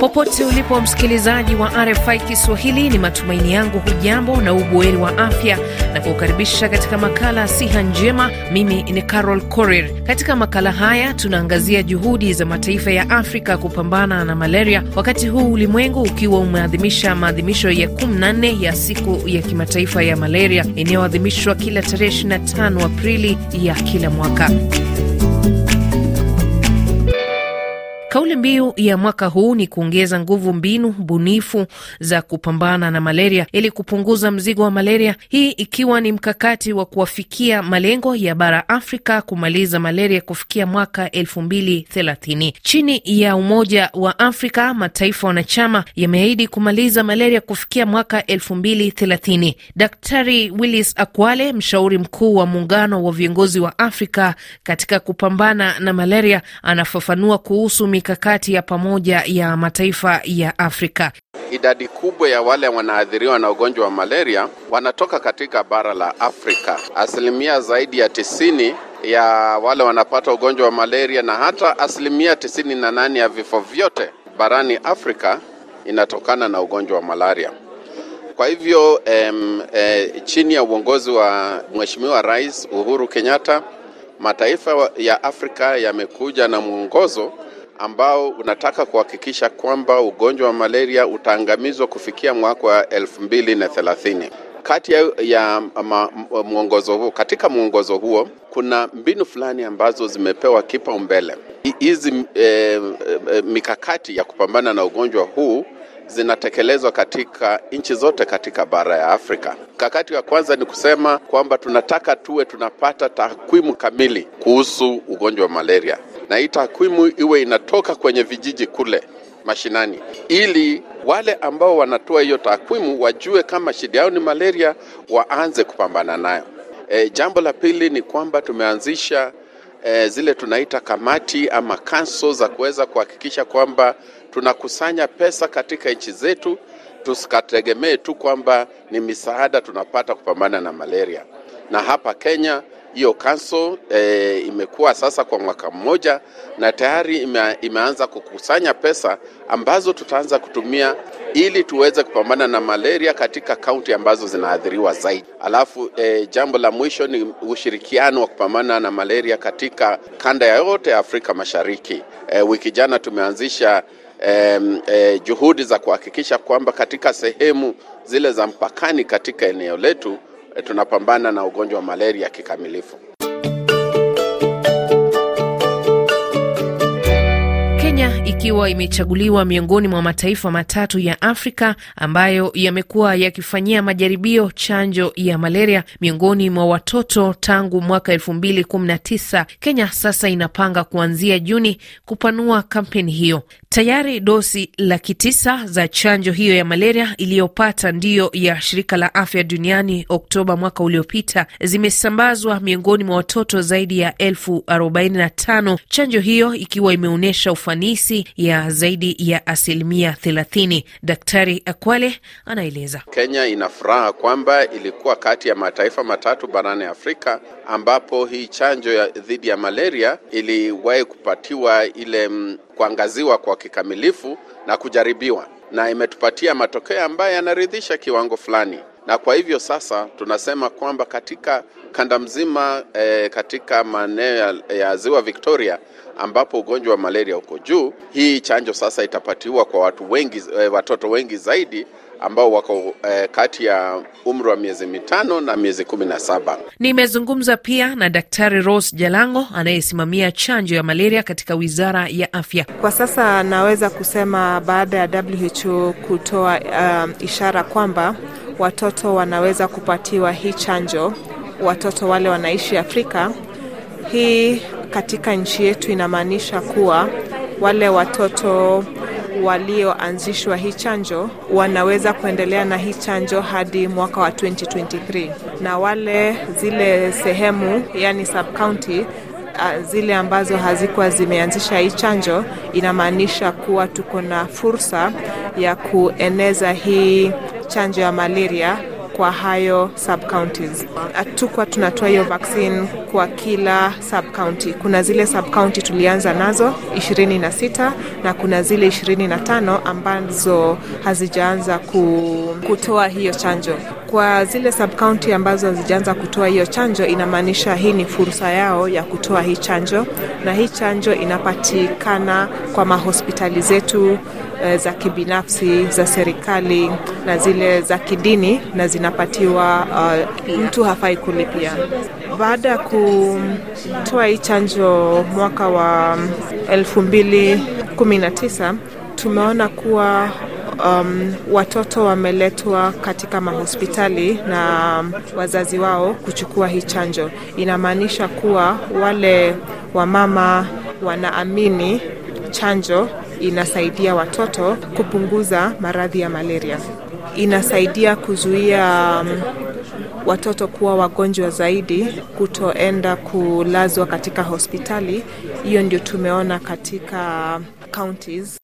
Popote ulipo msikilizaji wa RFI Kiswahili, ni matumaini yangu hujambo na ubuheri wa afya na kukaribisha katika makala Siha Njema. Mimi ni Carol corer Katika makala haya tunaangazia juhudi za mataifa ya Afrika kupambana na malaria, wakati huu ulimwengu ukiwa umeadhimisha maadhimisho ya 14 ya siku ya kimataifa ya malaria inayoadhimishwa kila tarehe 25 Aprili ya kila mwaka. Kauli mbiu ya mwaka huu ni kuongeza nguvu mbinu bunifu za kupambana na malaria ili kupunguza mzigo wa malaria, hii ikiwa ni mkakati wa kuwafikia malengo ya bara Afrika kumaliza malaria kufikia mwaka elfu mbili thelathini. Chini ya Umoja wa Afrika, mataifa wanachama yameahidi kumaliza malaria kufikia mwaka elfu mbili thelathini. Daktari Willis Akwale, mshauri mkuu wa muungano wa viongozi wa Afrika katika kupambana na malaria, anafafanua kuhusu mikakati ya pamoja ya mataifa ya Afrika. Idadi kubwa ya wale wanaathiriwa na ugonjwa wa malaria wanatoka katika bara la Afrika. Asilimia zaidi ya tisini ya wale wanapata ugonjwa wa malaria na hata asilimia tisini na nane ya vifo vyote barani Afrika inatokana na ugonjwa wa malaria. Kwa hivyo em, e, chini ya uongozi wa Mheshimiwa Rais Uhuru Kenyatta, mataifa ya Afrika yamekuja na mwongozo ambao unataka kuhakikisha kwamba ugonjwa wa malaria utaangamizwa kufikia mwaka wa elfu mbili na thelathini. Kati ya, ya mwongozo huo, katika mwongozo huo kuna mbinu fulani ambazo zimepewa kipaumbele. Hizi e, e, mikakati ya kupambana na ugonjwa huu zinatekelezwa katika nchi zote katika bara ya Afrika. Mkakati wa kwanza ni kusema kwamba tunataka tuwe tunapata takwimu kamili kuhusu ugonjwa wa malaria na hii takwimu iwe inatoka kwenye vijiji kule mashinani, ili wale ambao wanatoa hiyo takwimu wajue kama shida yao ni malaria, waanze kupambana nayo. E, jambo la pili ni kwamba tumeanzisha e, zile tunaita kamati ama kanso za kuweza kuhakikisha kwamba tunakusanya pesa katika nchi zetu, tusikategemee tu kwamba ni misaada tunapata kupambana na malaria. Na hapa Kenya hiyo kaso e, eh, imekuwa sasa kwa mwaka mmoja na tayari ime, imeanza kukusanya pesa ambazo tutaanza kutumia ili tuweze kupambana na malaria katika kaunti ambazo zinaathiriwa zaidi. Alafu e, jambo la mwisho ni ushirikiano wa kupambana na malaria katika kanda ya yote ya Afrika Mashariki. E, wiki jana tumeanzisha e, e, juhudi za kuhakikisha kwamba katika sehemu zile za mpakani katika eneo letu Eh, tunapambana na ugonjwa wa malaria kikamilifu. Kenya ikiwa imechaguliwa miongoni mwa mataifa matatu ya Afrika ambayo yamekuwa yakifanyia majaribio chanjo ya malaria miongoni mwa watoto tangu mwaka elfu mbili kumi na tisa. Kenya sasa inapanga kuanzia Juni kupanua kampeni hiyo. Tayari dosi laki tisa za chanjo hiyo ya malaria iliyopata ndio ya shirika la afya duniani Oktoba mwaka uliopita zimesambazwa miongoni mwa watoto zaidi ya elfu arobaini na tano, chanjo hiyo ikiwa imeonyesha ufanisi ya zaidi ya asilimia thelathini. Daktari Akwale anaeleza. Kenya ina furaha kwamba ilikuwa kati ya mataifa matatu barani Afrika ambapo hii chanjo dhidi ya malaria iliwahi kupatiwa ile mm, kuangaziwa kwa kikamilifu na kujaribiwa, na imetupatia matokeo ambayo yanaridhisha kiwango fulani na kwa hivyo sasa tunasema kwamba katika kanda mzima e, katika maeneo ya, ya ziwa Victoria ambapo ugonjwa wa malaria uko juu, hii chanjo sasa itapatiwa kwa watu wengi, e, watoto wengi zaidi ambao wako e, kati ya umri wa miezi mitano na miezi kumi na saba. Nimezungumza pia na Daktari Rose Jalango anayesimamia chanjo ya malaria katika Wizara ya Afya. Kwa sasa naweza kusema baada ya WHO kutoa um, ishara kwamba watoto wanaweza kupatiwa hii chanjo, watoto wale wanaishi Afrika. Hii katika nchi yetu inamaanisha kuwa wale watoto walioanzishwa hii chanjo wanaweza kuendelea na hii chanjo hadi mwaka wa 2023 na wale zile sehemu yani sub-county ah, zile ambazo hazikuwa zimeanzisha hii chanjo, inamaanisha kuwa tuko na fursa ya kueneza hii chanjo ya malaria kwa hayo sub counties. Hatukuwa tunatoa hiyo vaccine kwa kila sub county. Kuna zile sub county tulianza nazo 26 na kuna zile 25 ambazo hazijaanza kutoa hiyo chanjo kwa zile subkaunti ambazo hazijaanza kutoa hiyo chanjo, inamaanisha hii ni fursa yao ya kutoa hii chanjo, na hii chanjo inapatikana kwa mahospitali zetu e, za kibinafsi, za serikali na zile za kidini, na zinapatiwa uh, mtu hafai kulipia. Baada ya kutoa hii chanjo mwaka wa 219 mm, tumeona kuwa um, watoto wameletwa katika mahospitali na wazazi wao kuchukua hii chanjo. Inamaanisha kuwa wale wamama wanaamini chanjo inasaidia watoto kupunguza maradhi ya malaria. Inasaidia kuzuia um, watoto kuwa wagonjwa zaidi, kutoenda kulazwa katika hospitali. Hiyo ndio tumeona katika counties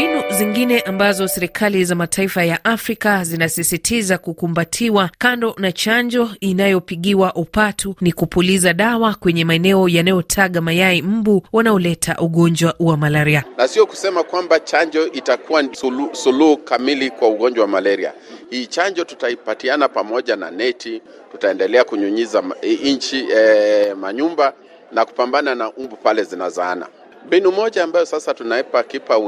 Mbinu zingine ambazo serikali za mataifa ya Afrika zinasisitiza kukumbatiwa kando na chanjo inayopigiwa upatu ni kupuliza dawa kwenye maeneo yanayotaga mayai mbu wanaoleta ugonjwa wa malaria, na sio kusema kwamba chanjo itakuwa suluhu sulu kamili kwa ugonjwa wa malaria. Hii chanjo tutaipatiana pamoja na neti, tutaendelea kunyunyiza nchi e, eh, manyumba na kupambana na umbu pale zinazaana. Mbinu moja ambayo sasa tunaipa kipa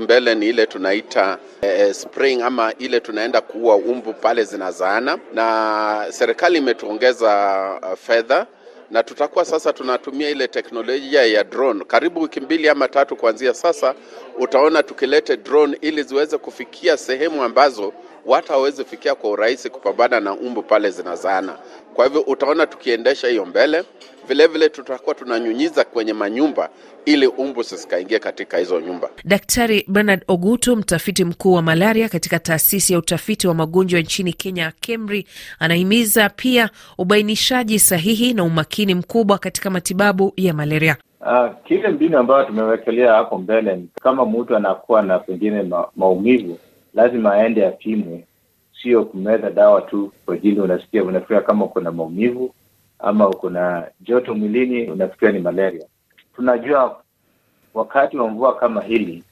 mbele ni ile tunaita eh, eh, spring ama ile tunaenda kuua umbu pale zinazaana, na serikali imetuongeza uh, fedha na tutakuwa sasa tunatumia ile teknolojia ya drone. Karibu wiki mbili ama tatu kuanzia sasa, utaona tukilete drone ili ziweze kufikia sehemu ambazo watu hawezi fikia kwa urahisi kupambana na umbu pale zinazaana. Kwa hivyo utaona tukiendesha hiyo mbele. Vilevile tutakuwa tunanyunyiza kwenye manyumba ili umbu zisikaingia katika hizo nyumba. Daktari Bernard Ogutu, mtafiti mkuu wa malaria katika taasisi ya utafiti wa magonjwa nchini Kenya, KEMRI, anahimiza pia ubainishaji sahihi na umakini mkubwa katika matibabu ya malaria. Uh, kile mbinu ambayo tumewekelea hapo mbele ni kama mtu anakuwa na pengine ma, maumivu, lazima aende apimwe, sio kumeza dawa tu kwa jili, unasikia unafika kama kuna maumivu ama uko na joto mwilini, unafikiria ni malaria. Tunajua wakati wa mvua kama hili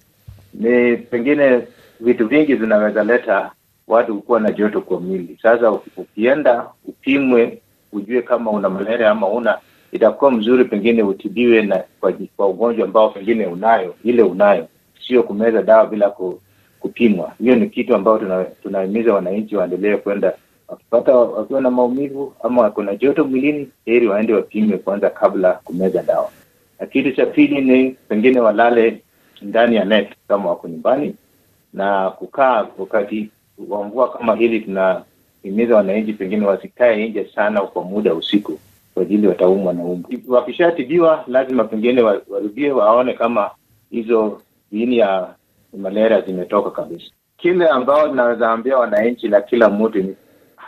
ni pengine vitu vingi zinaweza leta watu kuwa na joto kwa mwili. Sasa ukienda upimwe, ujue kama una malaria ama una, itakuwa mzuri pengine utibiwe na kwa, kwa ugonjwa ambao pengine unayo ile unayo, sio kumeza dawa bila ku, kupimwa. Hiyo ni kitu ambayo tunahimiza tuna wananchi waendelee kwenda pata wakiwa na maumivu ama wako na joto mwilini, heri waende wapime kwanza kabla kumeza dawa. Na kitu cha pili ni pengine walale ndani ya net kama wako nyumbani, na kukaa wakati wa mvua kama hili, tunahimiza wananchi pengine wasikae nje sana kwa muda usiku, kwa ajili wataumwa na umbu. Wakishatibiwa lazima pengine warudie, waone kama hizo viini ya malaria zimetoka kabisa. Kile ambao inawezaambia wananchi la kila mtu ni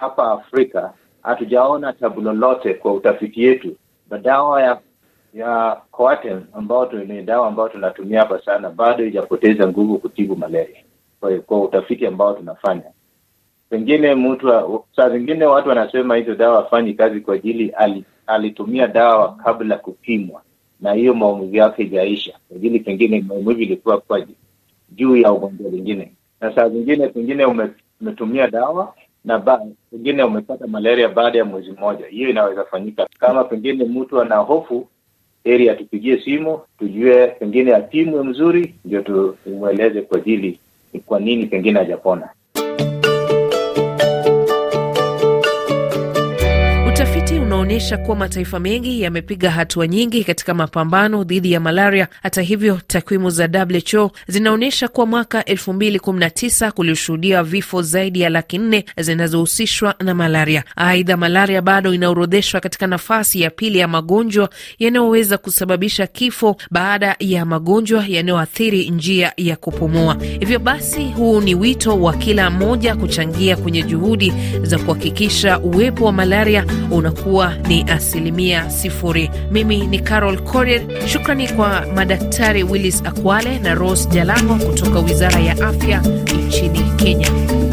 hapa Afrika hatujaona tabu lolote kwa utafiti yetu dawa ya ya Coartem ambao ni dawa ambayo tunatumia hapa sana, bado haijapoteza nguvu kutibu malaria kwa, kwa utafiti ambao tunafanya. Pengine mtu saa zingine watu wanasema hizo dawa hafanyi kazi kwa ajili ali, alitumia dawa kabla kupimwa na hiyo maumivu yake kwa ajili pengine maumivu ilikuwa kwa juu ya ugonjwa lingine, na saa zingine pengine umetumia dawa na ba, pengine umepata malaria baada ya mwezi mmoja, hiyo inaweza fanyika. Kama pengine mtu ana hofu, heri atupigie simu, tujue pengine atimwe mzuri, ndio tumweleze kwa ajili kwa nini pengine hajapona. inaonyesha kuwa mataifa mengi yamepiga hatua nyingi katika mapambano dhidi ya malaria. Hata hivyo, takwimu za WHO zinaonyesha kuwa mwaka 2019 kulishuhudia vifo zaidi ya laki nne zinazohusishwa na malaria. Aidha, malaria bado inaorodheshwa katika nafasi ya pili ya magonjwa yanayoweza kusababisha kifo baada ya magonjwa yanayoathiri njia ya kupumua. Hivyo basi, huu ni wito wa kila mmoja kuchangia kwenye juhudi za kuhakikisha uwepo wa malaria unakuwa ni asilimia sifuri. Mimi ni Carol Corier. Shukrani kwa madaktari Willis Akwale na Rose Jalango kutoka Wizara ya Afya nchini Kenya.